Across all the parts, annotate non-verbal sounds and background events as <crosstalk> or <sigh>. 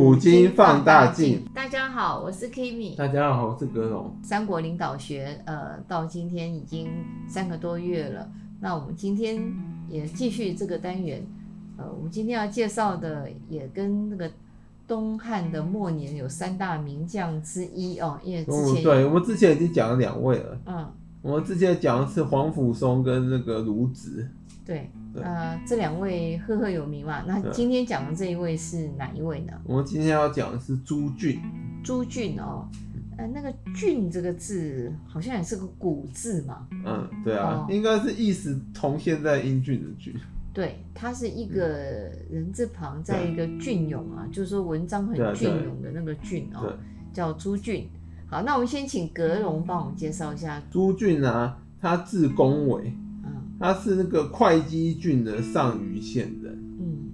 古今放大鏡。大家好，我是 Kimi。大家好，我是葛龍。三國領導學，呃，到今天已經三個多月了。那我們今天也繼續這個單元。呃，我們今天要介紹的也跟那個東漢的末年有三大名將之一哦，因為之前，嗯、對我們之前已經講了兩位了。嗯，我們之前講的是皇甫嵩跟那個盧植，對。呃，這兩位赫赫有名嘛。那今天講的這一位是哪一位呢？我們今天要講的是朱儁。朱儁哦，哎、呃，那個“儁”這個字好像也是個古字嘛。嗯，對啊，哦、應該是意思同現在“英俊”的“俊”。對，他是一個人字旁，再一個、啊“雋永”啊，就是說文章很雋永的那個、哦“雋”哦，叫朱儁。好，那我們先請格隆幫我們介紹一下朱儁啊，他字公偉。他是那個會稽郡的上虞縣的，嗯，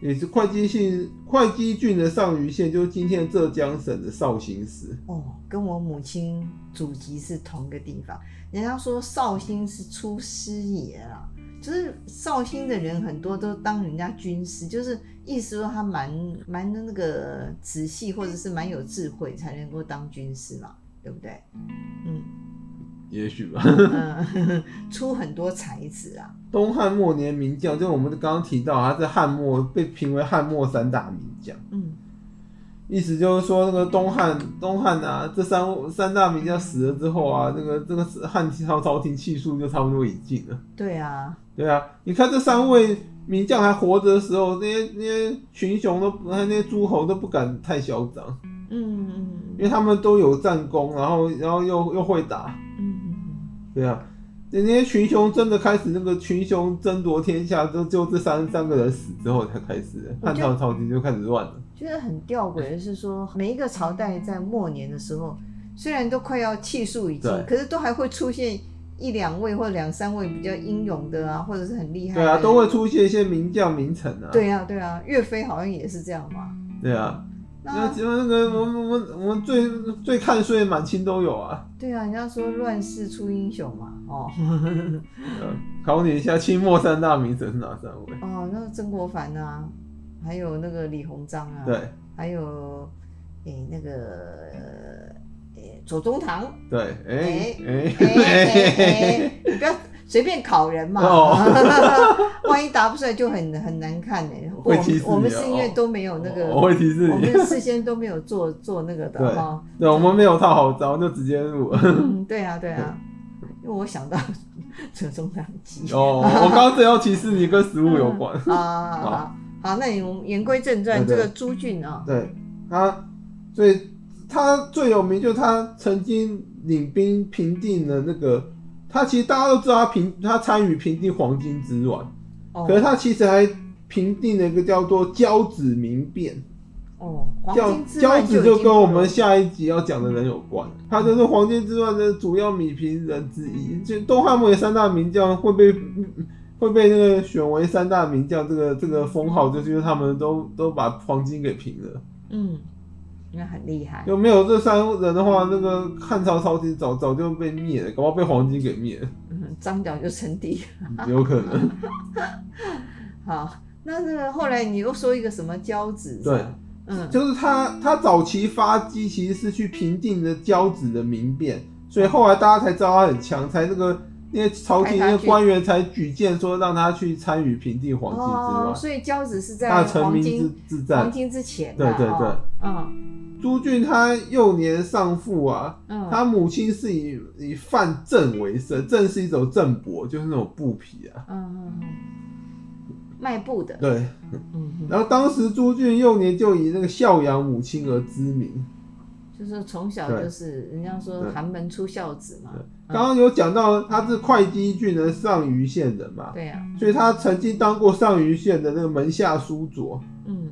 也是會稽縣、會稽郡的上虞縣，就是今天浙江省的紹興市。哦，跟我母親祖籍是同一個地方。人家說紹興是出師爺啦、啊，就是紹興的人很多都當人家軍師，就是意思說他蠻蠻那個仔細，或者是蠻有智慧，才能夠當軍師嘛，對不對？嗯。也許吧、 <laughs> 嗯，出很多才子啊。東漢末年名將，就我們剛剛提到，他在漢末被評為漢末三大名將。嗯，意思就是說，那個東漢東漢啊，這三三大名將死了之後啊，那個這個漢朝朝廷氣數就差不多已盡了。對啊，對啊，你看這三位名將還活着的時候，那些那些群雄都還有那些諸侯都不敢太囂張。嗯，嗯，因為他們都有戰功，然後然後又又會打。對啊，人家群雄真的開始那個群雄爭奪天下，就就這三三個人死之後才開始，漢朝朝廷就開始亂了。就是很吊詭的是說每一個朝代在末年的時候，雖然都快要氣數已盡，可是都還會出現一兩位或兩三位比較英勇的啊，或者是很厲害的。對啊，都會出現一些名將名臣啊。對啊，對啊，岳飛好像也是這樣嘛。對啊。那只、啊、那個我們，我我最最看衰滿清都有啊、嗯！對啊，人家說亂世出英雄嘛，哦、喔。 <laughs> 考你一下，清末三大名臣是哪三位？哦，那曾國藩啊，還有那個李鴻章啊，對，還有誒、欸、那個誒左宗棠。呃欸、堂對，哎、欸、哎、欸欸 <laughs> 欸欸欸欸，你不要隨便考人嘛，哦、 <laughs> 萬一答不出來就很很難看呢、欸。我們我們是因為都沒有那個、哦，我會提示你，我們事先都沒有做做那個的哈。對，我們沒有套好招，就直接入了、嗯。對啊，對啊，對因為我想到承宗很集。哦， <laughs> 我剛正要提示你跟食物有關啊。 <laughs> 好，好，那我們言歸正傳，這個朱俊啊、喔。對啊，他最他最有名就是他曾經領兵平定了那個。他其實大家都知道，他平他參與平定黃巾之亂，oh. 可是他其實還平定了一個叫做交趾民變。哦、oh.，交趾就跟我們下一集要講的人有關，他、嗯、就是黃巾之亂的主要弭平人之一。嗯、就東漢末的三大名將會被、嗯、會被那個選為三大名將，這個這個封號就是因為他們都都把黃巾給平了。嗯。應該很厲害。有沒有這三人的話，那個漢朝朝廷早早就被滅了，搞不好被黃巾給滅了。嗯，張角就稱帝了，有可能。 <laughs> 好，那這個後來你又說一個什麼交趾？對，嗯，就是他，他早期發跡其實是去平定的交趾的民變，所以後來大家才知道他很強，才這、那個那些朝廷那些官員才舉薦說讓他去參與平定黃巾之亂。哦，所以交趾是在成名之，之戰黃巾之前啊。對對對，嗯、哦。朱儁他幼年喪父啊，嗯、他母親是以以販繒為生，繒是一種繒帛，就是那種布匹啊。嗯嗯嗯，賣布的。對，嗯、然後當時朱儁幼年就以那個孝養母親而知名，就是從小就是人家說寒門出孝子嘛。剛、嗯、剛、嗯、有講到他是會稽郡的上虞縣人嘛，對啊，所以他曾經當過上虞縣的那個門下書佐。嗯。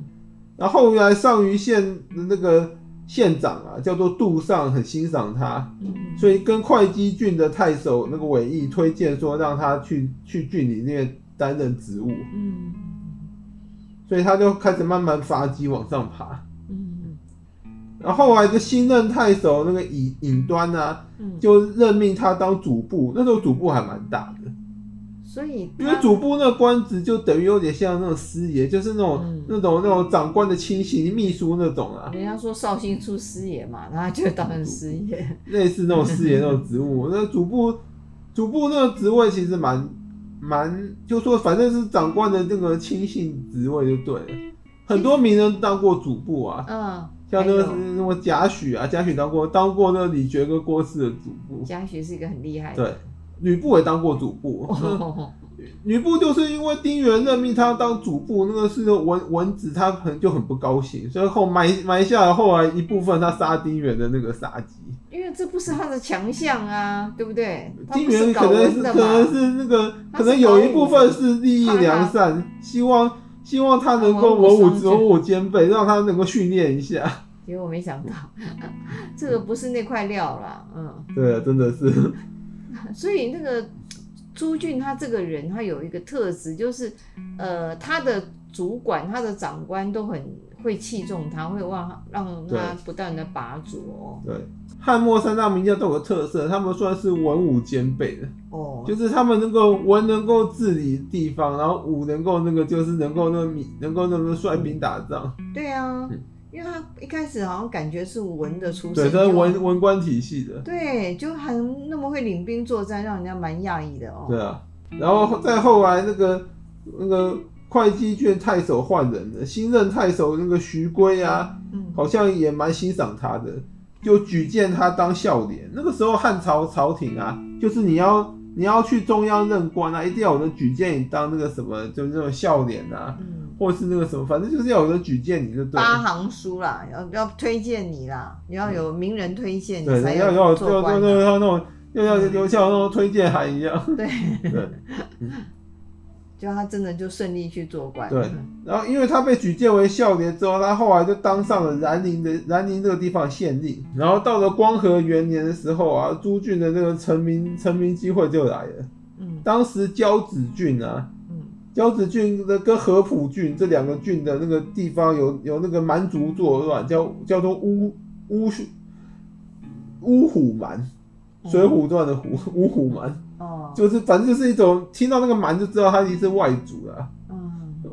然後原來上虞縣的那個縣長啊，叫做杜尚，很欣賞他，所以跟會稽郡的太守那個韋毅推薦說，讓他去去郡裡面擔任職務。所以他就開始慢慢發跡往上爬。然後後來的新任太守那個尹尹端呢、啊，就任命他當主簿，那時候主簿還蠻大的。所以，因為主簿那官職就等於有點像那種師爺，就是那種、嗯、那種、那種長官的親信、秘書那種啊。人家說紹興出師爺嘛，他就當成師爺。類似那種師爺那種職務， <laughs> 那主簿、主簿那個職位其實蠻、蠻，就是說反正是長官的那個親信職位就對了。很多名人當過主簿啊，嗯，像那個、那個賈詡啊，賈詡當過、當過那個李傕跟郭汜的主簿。賈詡是一個很厲害的。對。呂布也當過主簿，呂、嗯、布、oh, oh, oh. 就是因為丁原任命他當主簿，那個是文文子，他很就很不高興，所以後埋埋下了後來一部分他殺丁原的那個殺機。因為這不是他的強項啊，對不對？不丁原可能是可能是那個，可能有一部分是利益良善，希望希望他能夠文武文武兼，武，兼武兼備，讓他能夠訓練一下。結果沒想到， <laughs> 這個不是那塊料啦，嗯，對，真的是。所以那個朱儁他這個人，他有一個特質，就是呃，他的主管、他的長官都很會器重他，會讓讓他不斷的拔擢。對，漢末三大名將都有個特色，他們算是文武兼備的。哦、oh.，就是他們能夠文能夠治理地方，然後武能夠那個就是能夠那個能夠那個率兵打仗。對啊。嗯因為他一開始好像感覺是文的出身，對，他是文文官體系的，對，就很那麼會領兵作戰，讓人家蠻訝異的哦。對啊，然後再後來那個那個會稽郡太守換人了，新任太守那個徐珪啊、嗯嗯，好像也蠻欣賞他的，就舉薦他當孝廉。那個時候漢朝朝廷啊，就是你要你要去中央任官啊，一定要有人舉薦你當那個什麼，就那種孝廉啊。嗯或是那個什麼，反正就是要有人舉薦你就對。八行書啦，要要推薦你啦，你要有名人推薦你才要做官，嗯。對，要要要，嗯，要要那種，又要就像那種推薦函一樣。對。對，嗯。就他真的就順利去做官對，嗯。對。然後，因為他被舉薦為孝廉之後，他後來就當上了南寧的南寧這個地方縣令。然後到了光和元年的時候啊，朱儁的那個成名成名機會就來了。嗯。當時交趾郡啊。交趾郡的跟合浦郡這兩個郡的那個地方有有那個蠻族作亂，叫叫做烏烏烏虎蠻，虎《水滸傳》的虎烏虎蠻、嗯，就是反正就是一種聽到那個蠻就知道他已經是外族了、啊。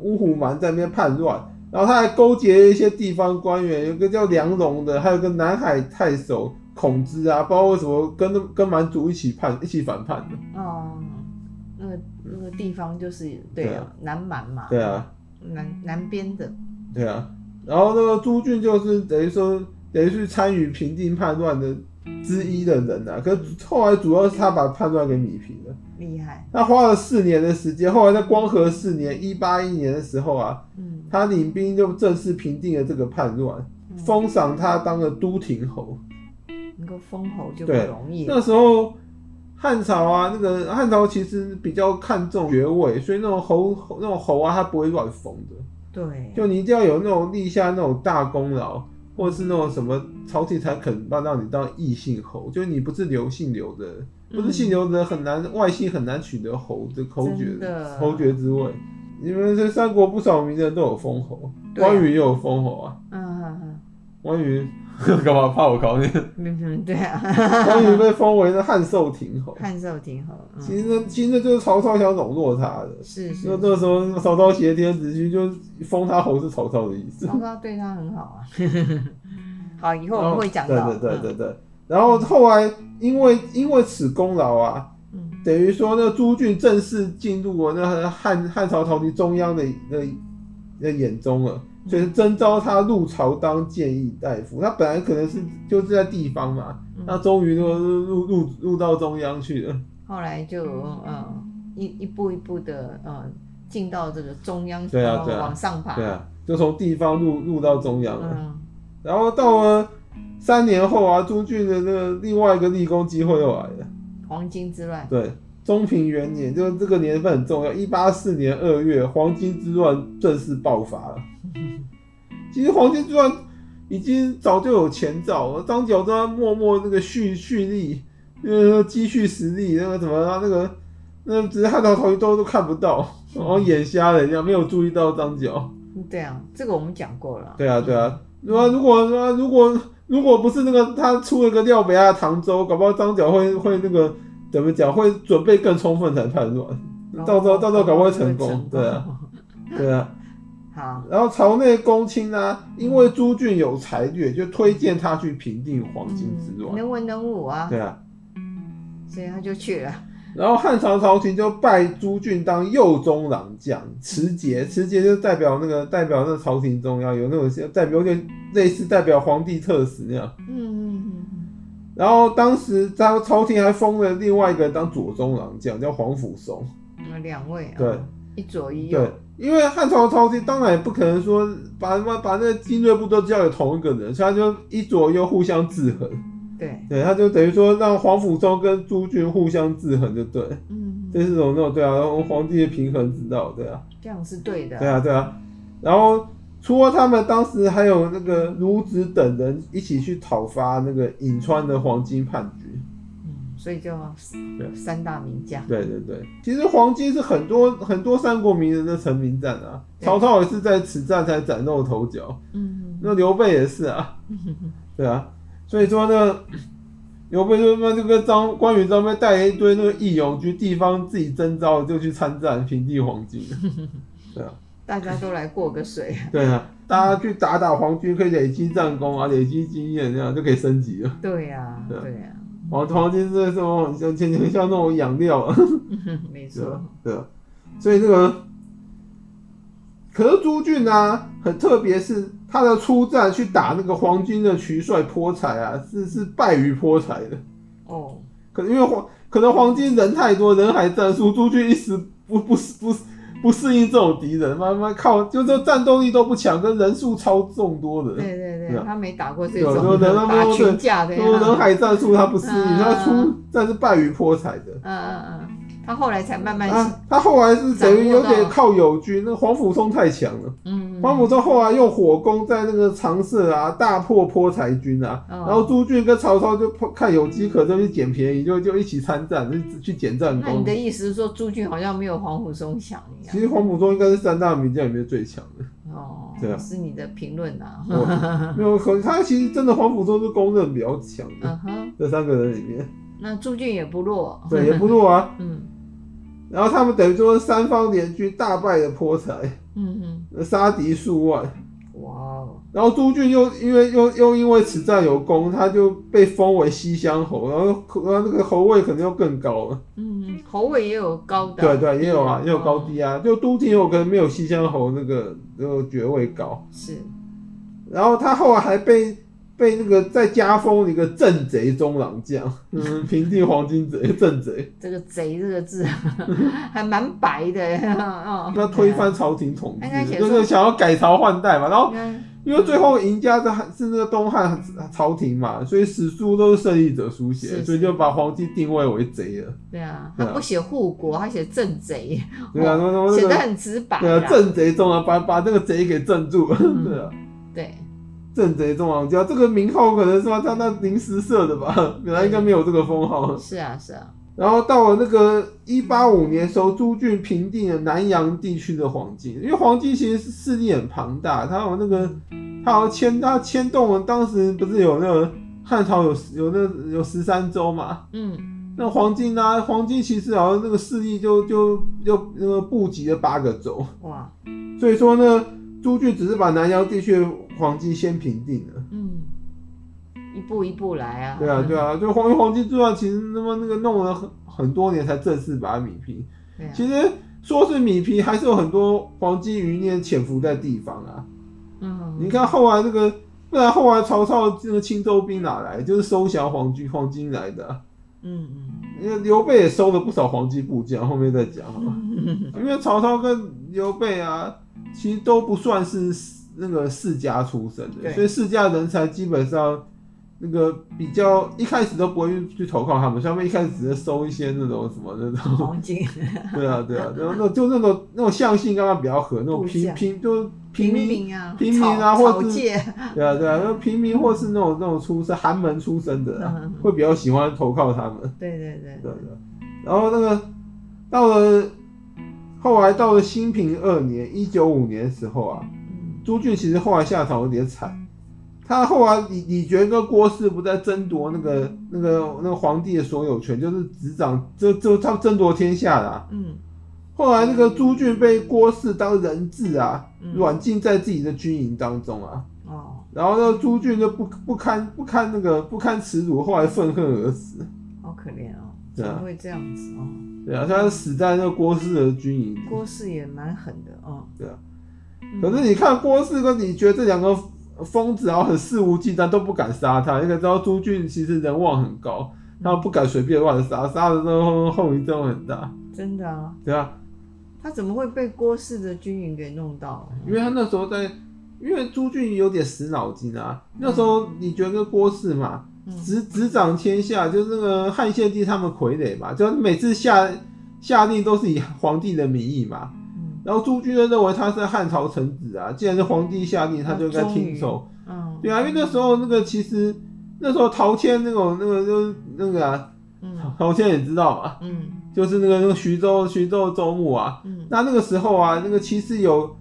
烏、嗯、虎蠻在那邊叛亂，然後他還勾結一些地方官員，有個叫梁龍的，還有個南海太守孔芝啊，不知道為什麼跟跟蠻族一起叛一起反叛的。嗯嗯那個那個地方就是對啊，對啊，南蠻嘛，對啊，南南邊的，對啊。然後那個朱儁就是等於說等於去參與平定叛亂的之一的人吶、啊。可是後來主要是他把叛亂給敉平了，厲害。他花了四年的時間，後來在光和四年（一八一年）的時候啊，他領兵就正式平定了這個叛亂、嗯，封賞他當了都亭侯。嗯、能夠封侯就不容易。那時候。漢朝啊，那個漢朝其實比較看重爵位，所以那種侯，那種侯啊，他不會亂封的。對，就你一定要有那種立下那種大功勞，或者是那種什麼朝廷才肯讓讓你當異姓侯，就是你不是劉姓劉的，不是姓劉的很難，嗯、外姓很難取得侯的侯爵，侯爵之位。你們這三國不少名人都有封侯，關羽也有封侯啊。嗯嗯嗯。關羽，幹嘛怕我搞你？對啊，關羽被封為漢壽亭侯。漢壽 <laughs> 亭侯，嗯、其實其實就是曹操想籠絡他的是是，是。那那時候曹操挾天子，就封他侯是曹操的意思。曹操對他很好啊， <laughs> 好以後我們會講到。對對對對對。嗯、然後後來因為因為此功勞啊，等於說那朱儁正式進入那漢漢朝朝廷中央的那。在眼中了，所以徵召他入朝當諫議大夫。他本來可能是就是在地方嘛，那終於就是入入入到中央去了。後來就嗯、呃、一一步一步的嗯進、呃、到這個中央，對啊，往上爬，對啊，就從地方入入到中央了、嗯。然後到了三年後啊，朱儁的那個另外一個立功機會又來了，黃巾之亂。對。中平元年，就是這個年份很重要。一八四年二月，黃巾之亂正式爆發了。 <laughs> 其實黃巾之亂已經早就有前兆了，張角在默默那個蓄蓄力，呃，積蓄實力，那個什麼他那個，那個那個，只是漢朝頭，一都都看不到，然後眼瞎了一樣，沒有注意到張角。對啊，這個我們講過了。對啊，對啊，那如果如果如果，如果不是那個他出了一個廖北的唐周，搞不好張角會會那個。怎麼講？會準備更充分才叛亂，到時候到時候搞不好會成功，哦哦哦、成功，對啊， <laughs> 對啊。好，然後朝內公卿呢，因為朱儁有才略、嗯，就推薦他去平定黃巾之亂，能文能武啊。對啊、嗯，所以他就去了。然後漢朝朝廷就拜朱儁當右中郎將，持節，持、嗯、節就代表那個代表那個朝廷中央有那種代表有點類似代表皇帝特使那樣。嗯嗯嗯。嗯然後當時在朝廷還封了另外一個人當左中郎將，叫皇甫嵩。兩位啊。對，一左一右。對，因為漢朝的朝廷當然也不可能說把什麼把那個精銳部隊都交給同一個人，所以他就一左右互相制衡。對對，他就等於說讓皇甫嵩跟朱儁互相制衡就對。嗯，嗯，這是這種那種對啊，皇帝的平衡之道對啊，這樣是對的。對啊對啊，然後。除了他們當時還有那個盧植等人一起去討伐那個潁川的黃巾叛軍，嗯，所以就有三大名將。對，對對對，其實黃巾是很多很多三國名人的成名戰啊，曹操也是在此戰才嶄露頭角，嗯，那劉備也是啊，嗯，對啊，所以說呢，劉備就那就跟張關羽張飛帶一堆那個義勇軍，地方自己徵召就去參戰平定黃巾，嗯，對啊。大家都來過個水，啊。 <laughs> 對啊，大家去打打黃巾，可以累積戰功啊，累積經驗，啊，這樣就可以升級了。對呀，啊，對呀，啊。黃黃巾這時候很像很像很像那種養料，啊。 <laughs> 沒錯，對。所以這個，可是朱儁呢，啊，很特別是他的出戰去打那個黃巾的渠帥波才啊，是是敗於波才的。哦。可能因為黃可能黃巾人太多，人海戰術，朱儁一時不不是不。不不不不適應這種敵人，媽媽靠，就是戰鬥力都不強，跟人數超眾多的。對對對，他沒打過這種有人打群架的，什麼人海戰術他不適應、啊，他出戰是敗於潑彩的。嗯嗯嗯。啊他後來才慢慢。啊，他後來是等於有點靠友軍，那個皇甫嵩太強了。嗯，嗯。皇甫嵩後來用火攻在那個長社啊，大破波才軍啊。哦。然後朱儁跟曹操就破看有機可乘，去撿便宜，就就一起參戰，就去去撿戰功。那你的意思是說朱儁好像沒有皇甫嵩強一樣？其實皇甫嵩應該是三大名將裡面最強的。哦，對啊。是你的評論吶。呵呵呵，沒有可能，可他其實真的皇甫嵩是公認比較強的。嗯哼。這三個人裡面。那朱儁也不弱。對，也不弱啊。嗯。然後他們等於說三方聯軍大敗了波才，殺敵數萬，哇！然後朱俊又因為又又因為此戰有功，他就被封為西鄉侯，然後那個侯位肯定又更高了，嗯，侯位也有高的，對對，也有啊，也有高低啊，哦，就都亭侯可能沒有西鄉侯那個那個爵位高，是，然後他後來還被被那個再加封一個鎮賊中郎將，嗯，平定黃巾賊，鎮賊。 <laughs> 這個“賊”這個字還蠻白的。那 <laughs> 推翻朝廷統治，啊、就是想要改朝換代嘛。然後因為最後贏家是是那個東漢朝廷嘛，所以史書都是勝利者書寫，所以就把黃巾定位為賊了。對啊，他不寫護國，他寫鎮賊。對啊，寫的很直白。對啊，鎮賊中啊，把把那個賊給鎮住。嗯、 <laughs> 對啊，對。鎮賊中郎將這個名號可能是他他臨時設的吧，本來應該沒有這個封號。是啊，是啊。然後到了那個一八五年時候，朱儁平定了南陽地區的黃巾。因為黃巾其實是勢力很龐大，他有那個，他好像牽他牽動了當時不是有那個漢朝有有那有十三州嘛，嗯，那黃巾呢、啊，黃巾其實好像那個勢力就就就那個波及了八個州。哇，所以說呢。朱儁只是把南陽地區黃巾先平定了，嗯，一步一步來啊。對啊，對啊，就黃黃巾之戰，其實那麼那個弄了很很多年才正式把弭平、啊。其實說是弭平，還是有很多黃巾餘孽潛伏在地方啊。嗯，你看後來這、那個、嗯，不然後來曹操這個青州兵哪來？就是收降黃巾黃巾來的、啊。嗯嗯，因為劉備也收了不少黃巾部將，後面再講、嗯嗯嗯。因為曹操跟劉備啊。其實都不算是那個世家出身的，所以世家人才基本上那個比較一開始都不會去投靠他們，像他們一開始只是收一些那種什麼那種，對啊對啊， <laughs> 然後那就那種、個、那種相性剛剛比較合，那種平平就平民啊平民啊，啊或者對啊對啊，就平民或是那種那種出身、嗯、寒門出身的、啊嗯，會比較喜歡投靠他們。對對對對對，對，對，然後那個到了。後來到了興平二年，一九五年的時候啊、嗯、朱儁其實後來下場有點慘、嗯。他後來李李傕跟郭汜不在爭奪那個、嗯、那個那個皇帝的所有權，就是執掌這這他爭奪天下啦、啊。嗯，後來那個朱儁被郭汜當人質啊，軟、嗯、禁在自己的軍營當中啊。哦、嗯，然後那個朱儁就不不堪不堪那個不堪恥辱，後來憤恨而死。好可憐哦、啊，怎麼會這樣子哦？對啊，他死在那郭汜的軍營。郭汜也蠻狠的啊、哦，對啊，可是你看郭汜，跟李傕這兩個瘋子，啊，很肆無忌憚，都不敢殺他。你可知道朱儁其實人望很高，嗯、他不敢隨便亂殺，殺的時候後遺症很大。真的啊？對啊，他怎麼會被郭汜的軍營給弄到？因為他那時候在，因為朱儁有點死腦筋啊。那時候李傕跟郭汜嘛？執、嗯、執掌天下就是那個漢獻帝他們傀儡嘛，就每次下下令都是以皇帝的名義嘛。嗯，然後朱儁就認為他是漢朝臣子啊，既然是皇帝下令，嗯、他就應該聽從。嗯、哦，對啊，因為那時候那個其實那時候陶謙那種那個就那個啊，嗯、陶謙也知道嘛。嗯，就是那個那個徐州徐州州牧啊。嗯，那那個時候啊，那個其實有。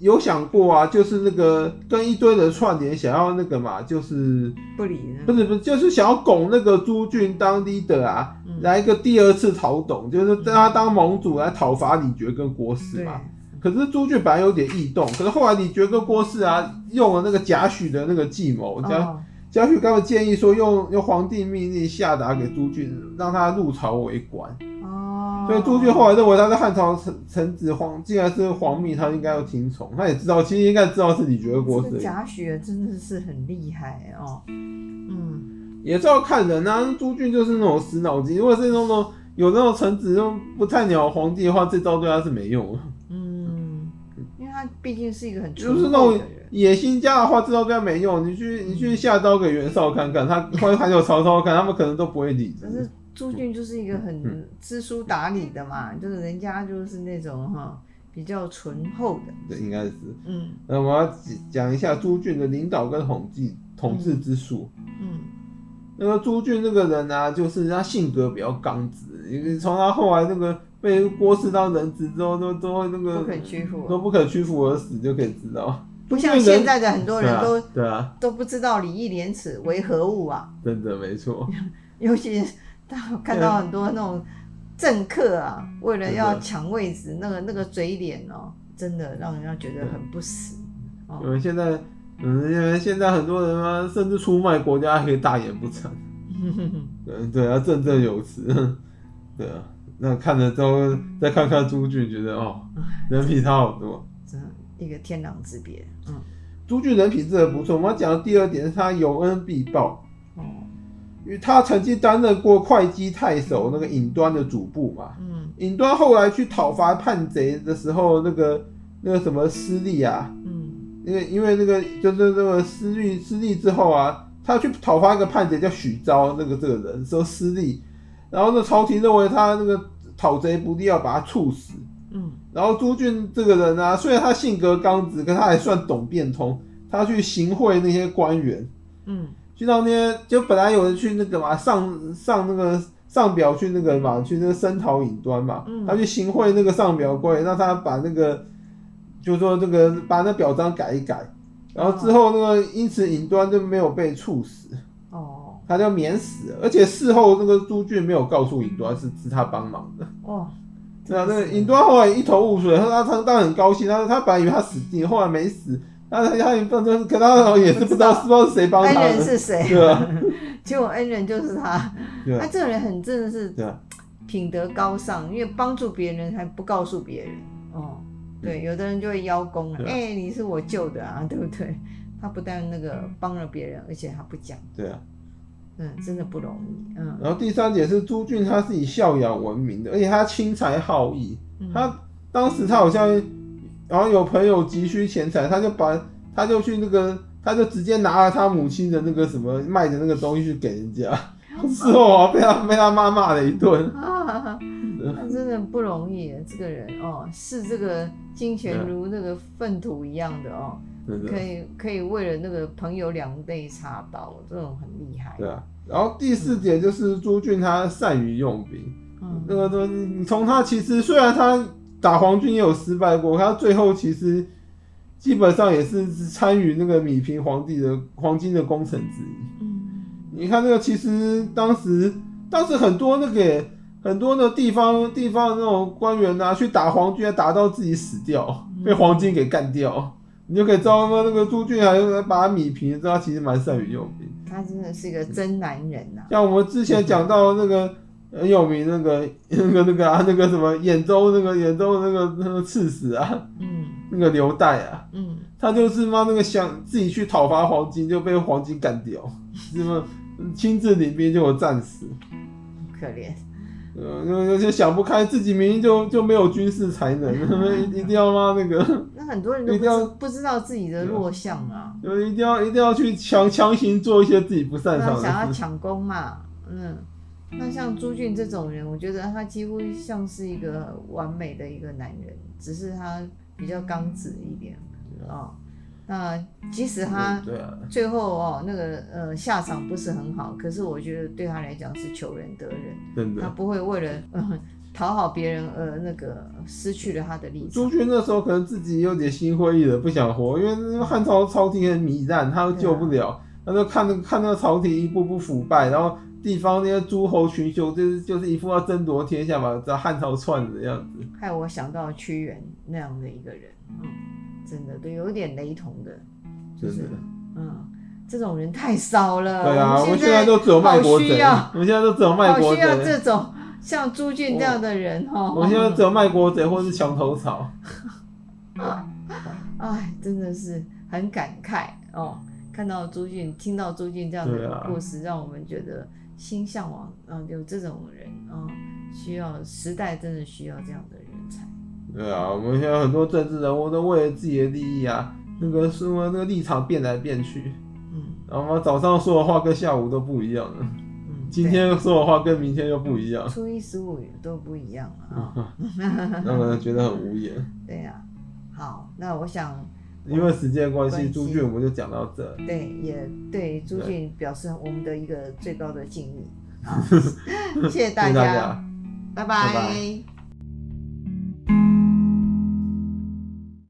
有想過啊，就是那個跟一堆人串聯，想要那個嘛，就是不理，不是不是，就是想要拱那個朱儁當 leader 啊，來一個第二次討董，嗯，就是讓他當盟主來討伐李傕跟郭汜嘛。可是朱儁本來有點異動，可是後來李傕跟郭汜啊用了那個賈詡的那個計謀，賈賈詡剛剛建議說，用用皇帝命令下達給朱儁，讓他入朝為官。所以朱儁後來認為他是漢朝臣臣子，皇既然是皇帝，他應該要聽從。他也知道，其實應該知道自己覺得國死。是賈詡真的是很厲害、欸、哦。嗯，也是要看人啊。朱儁就是那種死腦筋，如果是那種有那種臣子又不太鳥皇帝的話，這招對他是沒用的。嗯，因為他畢竟是一個很就是那種野心家的話，這招對他沒用。你去你去下刀給袁紹看看，他或者還有曹操看， <laughs> 他們可能都不會理。朱儁就是一個很知書達理的嘛，嗯嗯，就是人家就是那種哈，比較醇厚的，對，應該是。嗯，那我要講一下朱儁的領導跟統治統治之術，嗯。嗯，那個朱儁那個人呢，啊，就是他性格比較剛直，你從他後來那個被郭汜到人質之後，都都會那個不可屈服，啊，都不可屈服而死就可以知道，不像現在的很多人都、嗯、對啊，對啊，都不知道禮義廉恥為何物啊，真的沒錯， <laughs> 尤其。但我看到很多那種政客啊，為，為了要搶位置、嗯，那個那個嘴臉哦、喔，真的讓人家覺得很不實、嗯哦。因為現在，嗯，因為現在很多人啊，甚至出賣國家還可以大言不慚。 <laughs> 對對啊，振振有詞。對啊，那看了之後再看看朱儁，覺得哦，嗯、人品差好多，真的一個天壤之別。嗯，朱儁人品真的不錯。我們講的第二點是他有恩必報。因為他曾經擔任過會稽太守，那個尹端的主簿嘛。嗯。尹端後來去討伐叛賊的時候，那個那個什麼失利啊？嗯。因為因為那個就是那個失利，失利之後啊，他去討伐一個叛賊叫許昭，那個這個人，說失利。然後那朝廷認為他那個討賊不利，要把他處死。嗯。然後朱俊這個人呢、啊，雖然他性格剛直，但他還算懂變通，他去行賄那些官員。嗯。去到那邊，就本來有人去那個嘛，上上那個上表去那個嘛，嗯、去那個聲討尹端嘛、嗯。他去行賄那個上表官，讓他把那個，就是、說那個把那表章改一改。然後之後那個因此尹端就沒有被處死。哦、嗯。他就免死了、嗯，而且事後那個朱俊沒有告訴尹端是是他幫忙的。哦。對啊，那個尹端後來一頭霧水，他他當然很高興，他說他本來以為他死定了，後來沒死。他的家不就是，可他也是不知道不知道是誰幫他的恩人是誰，對吧、啊？結果恩人就是他，啊、他這個人很正直對，品德高尚，啊、因為幫助別人還不告訴別人，哦，對，有的人就會邀功，哎、啊欸，你是我救的啊，對不對？他不但那個幫了別人，而且他不講，對啊，嗯，真的不容易，嗯。然後第三點是朱儁，他是以孝養聞名的，而且他輕財好義、嗯，他當時他好像。然後有朋友急需錢財，他就把他就去那個，他就直接拿了他母親的那個什麼賣的那個東西去給人家，是 <laughs> 哦後、啊， <laughs> 被他被他媽罵，罵了一頓、啊。他真的不容易， <laughs> 這個人哦，視這個金錢如那個糞土一樣的哦，的可以可以為了那個朋友兩肋插刀，這種很厲害的。對啊，然後第四點就是朱儁他善於用兵，東西、嗯那個就是嗯、，你從他其實雖然他。打黃巾軍也有失敗過，他最後其實基本上也是參與那個敉平皇帝的黃巾的功臣之一。嗯，你看這個其實當時當時很多那個很多的地方地方的那種官員吶、啊，去打黃巾軍，打到自己死掉，嗯、被黃巾給幹掉。你就可以知道，那個朱儁還把他敉平，他其實蠻善於用兵，他真的是一個真男人吶、啊。像我們之前講到那個。 <laughs> 很有名那個那個那個啊，那個什麼兗州那個兗州那個那個刺史啊，嗯，那個劉岱啊，嗯，他就是嘛，那個想自己去討伐黃巾，就被黃巾幹掉，嗯、是什麼親 <laughs> 自領兵就有戰死，可憐，呃，有、那、些、個、想不開，自己明明就就沒有軍事才能，他們 <laughs> 一定要嘛，那個，那很多人都不知道不知道自己的弱項啊，就一定要一定要去強強行做一些自己不擅長的事，想要搶功嘛，嗯。那像朱儁這種人，我覺得他幾乎像是一個完美的一個男人，只是他比較剛直一點哦，那即使他最後哦那個呃下場不是很好，可是我覺得對他來講是求仁得仁，對對對他不會為了討、嗯、好別人而、呃、那個失去了他的利益。朱儁那時候可能自己有點心灰意冷，不想活，因為漢朝朝廷很糜爛，他救不了，啊、他就看、那個、看到朝廷一步步腐敗，然後。地方那些諸侯群雄，就是就是一副要爭奪天下嘛，在漢朝篡的樣子，害我想到屈原那樣的一個人，嗯，真的都有點雷同的，就是，是的，嗯，這種人太少了。對啊，我，現在，我現在都只有賣國賊，我現在都只有賣國賊。好需要這種像朱儁這樣的人哦，哦，我現在只有賣國賊、嗯、或是牆頭草。哎、 <laughs> 啊，真的是很感慨哦、嗯，看到朱儁，聽到朱儁這樣的故事、啊，讓我們覺得。心嚮往，嗯，有這種人，嗯，需要時代真的需要這樣的人才。對啊，我們現在很多政治人物都為了自己的利益啊，那個什麼那個立場變來變去，嗯，然後早上說的話跟下午都不一樣了，嗯，今天說的話跟明天又不一樣，初一十五都不一樣了，哦、 <laughs> 讓人覺得很無言。對呀、啊，好，那我想。因為時間關係，朱儁我們就講到這。對，也對朱儁表示我們的一個最高的敬意， <laughs> 啊，謝謝，謝謝大家，拜拜。拜拜。